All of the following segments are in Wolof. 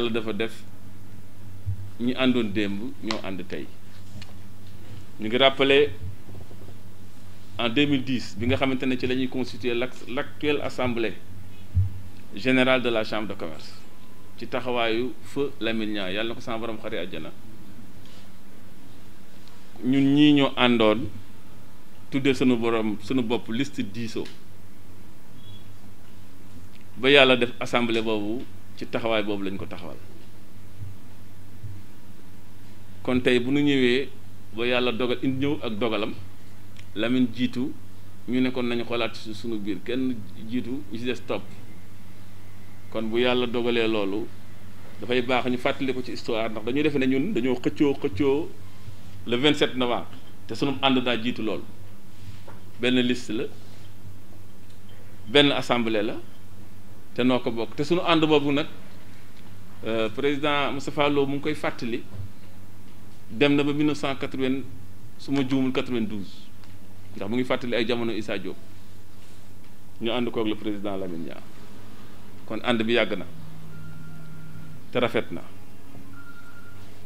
yàlla dafa def ñi àndoon démb ñoo ànd tey ñu ngi rappelé en 2010 bi nga xamante ne ci la ñuy constituer l'actuelle assemblée générale de la chambre de commerce ci taxawaayu feu Lamine yàlla na ko sama borom xari àjjana ñun ñii ñoo àndoon tuddee sunu borom sunu bopp liste diisoo ba yàlla def assemblée boobu ci taxawaay boobu lañ ko taxawal kon tey bu nu ñëwee ba yàlla dogal indi ñëw ak dogalam lamin jiitu ñu ne kon nañu xoolaat ci sunu biir kenn jiitu ñu ci des topp kon bu yàlla dogalee loolu dafay baax ñu fàttali ko ci histoire ndax dañu defe ne ñun dañoo xëccoo xëccoo le 27 novembre te sunu ànd daa jiitu loolu benn list la benn assemblée la. te noo ko bokk te suñu ànd boobu nag euh, président Moustapha mu ngi koy fàttali dem na ba 1980 su ma juumul 92 ndax mu ngi fàttali ay jamono Issa Diop ñu ànd koog la président Lamine kon ànd bi yàgg na te rafet na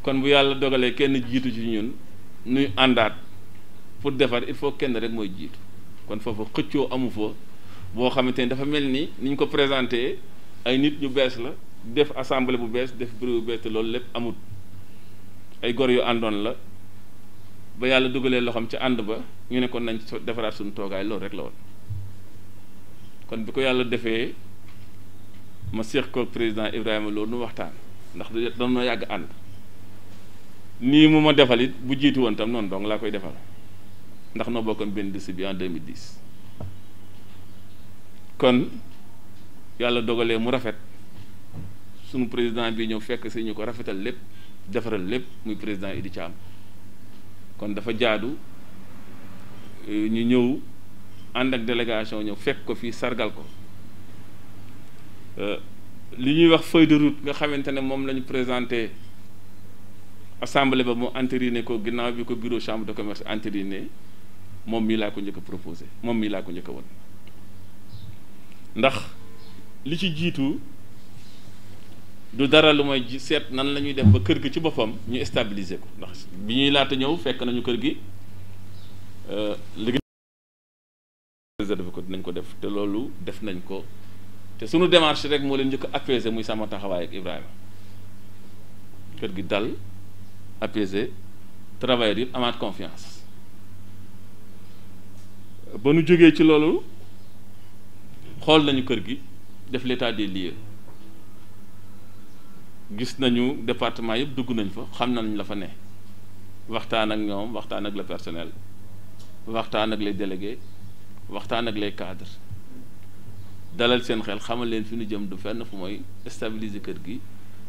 kon bu yàlla dogalee kenn jiitu ci ñun nuy àndaat pour defar il faut kenn rek mooy jiitu kon foofu xëccoo amu fa. boo xamante ni dafa mel ni ni ñu ko présenté ay nit ñu bees la def assemblée bu bees def bureau bu bees te loolu lépp amut ay gor yu àndoon la ba yàlla dugalee loxoom ci ànd ba ñu ne kon nañ defaraat suñu toogaay loolu rek la woon kon bi ko yàlla defee ma seex ko président Ibrahima loolu nu waxtaan ndax doon na yàgg ànd nii mu ma defal it bu jiitu woon tam noonu donc laa koy defal ndax noo bokkoon benn disi bi en 2010 kon yàlla dogalee mu rafet sunu président bi ñëw fekk si ñu ko rafetal lépp defaral lépp muy président Idi Thiam kon dafa jaadu euh, ñu ñëw ànd ak délégation ñëw fekk ko fii sargal ko euh, li ñuy wax feuille de route nga xamante ne moom la ñu présenté assemblée ba mu entériné ko ginnaaw bi ko bureau chambre de commerce entériné moom mii laa ko njëkk a moom mii laa ko njëkk a ndax li ci jiitu du dara lu may ji seet nan la ñuy def ba kër gi ci boppam ñu stabiliser ko ndax bi ñuy laata ñëw fekk nañu kër gi euh, liggéey réserve ko dinañ ko def te loolu def nañ ko te sunu démarche rek moo leen njëkk apaiser muy sama taxawaay ak Ibrahima kër gi dal apaiser travailleurs yi amaat confiance ba nu jógee ci loolu xool nañu kër gi def l'état de lieux gis nañu département yëpp dugg nañ fa xam nañ la fa ne waxtaan ak ñoom waxtaan ak la personnel waxtaan ak les délégués waxtaan ak lay cadres dalal seen xel xamal leen fi ñu jëm du fenn fu mooy stabiliser kër gi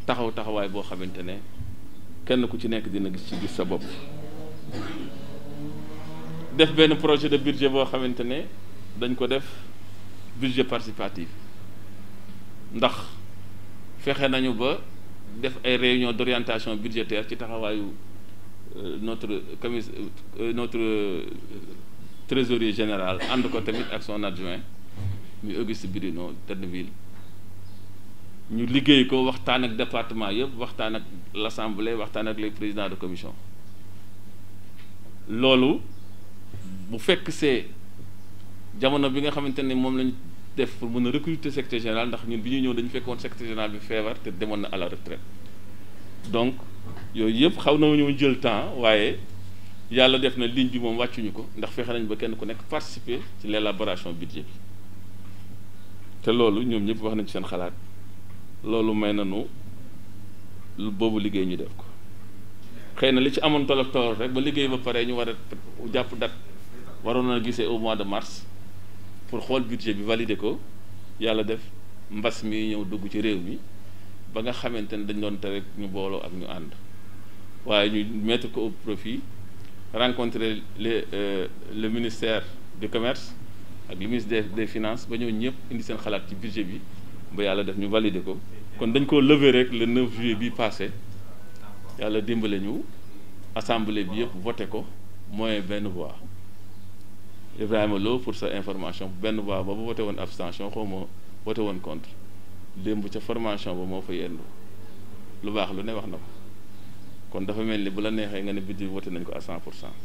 taxaw taxawaay boo xamante ne kenn ku ci nekk dina gis ci gis sa bopp def benn projet de budget boo xamante ne dañ ko def budget participatif ndax fexe nañu ba def ay réunion d'orientation budgétaire ci taxawaayu euh, notre commis euh, notre euh, trésorier général ànd ko tamit ak son adjoint muy Auguste Birino Terneville ñu liggéey ko waxtaan ak département yëpp waxtaan ak l'assemblée waxtaan ak les présidents de commission loolu bu fekk see jamono bi nga xamante ni moom lañ def pour mën a recruter secteur général ndax ñun bi ñuy ñëw dañu fekkoon secrétaire général bi feebar te demoon na à la donc yooyu yëpp xaw na ñoo jël temps waaye yàlla def na ligne bi moom wàccuñu ko ndax fexe nañ ba kenn ku nekk participer ci l'élaboration budget bi te loolu ñoom ñëpp wax nañ seen xalaat loolu may nañu boobu liggéey ñu def ko xëy na li ci amoon tolof tolof rek ba liggéey ba pare ñu war a jàpp date waroon na gisee au mois de mars pour xool budget bi valider ko yàlla def mbas mi ñëw dugg ci réew mi ba nga xamante ne dañ doon tere ñu booloo ak ñu ànd waaye ñu mettre ko au profit rencontrer les euh, le ministère du commerce ak le ministre des finance ba ñëw ñëpp indi seen xalaat ci budget bi ba yàlla def ñu valider ko kon dañ ko lever rek le 9 juillet bi passé yàlla dimbale ñu assemblée bi yëpp voté ko moyen benn voix Ibrahima loo pour sa information bu benn voix ba voté woon abstention xaw ma voté woon contre démb ca formation ba moo fa yendu lu baax lu ne wax na ko kon dafa mel ni bu la neexee nga ne budget voté nañ ko à 100 pour cent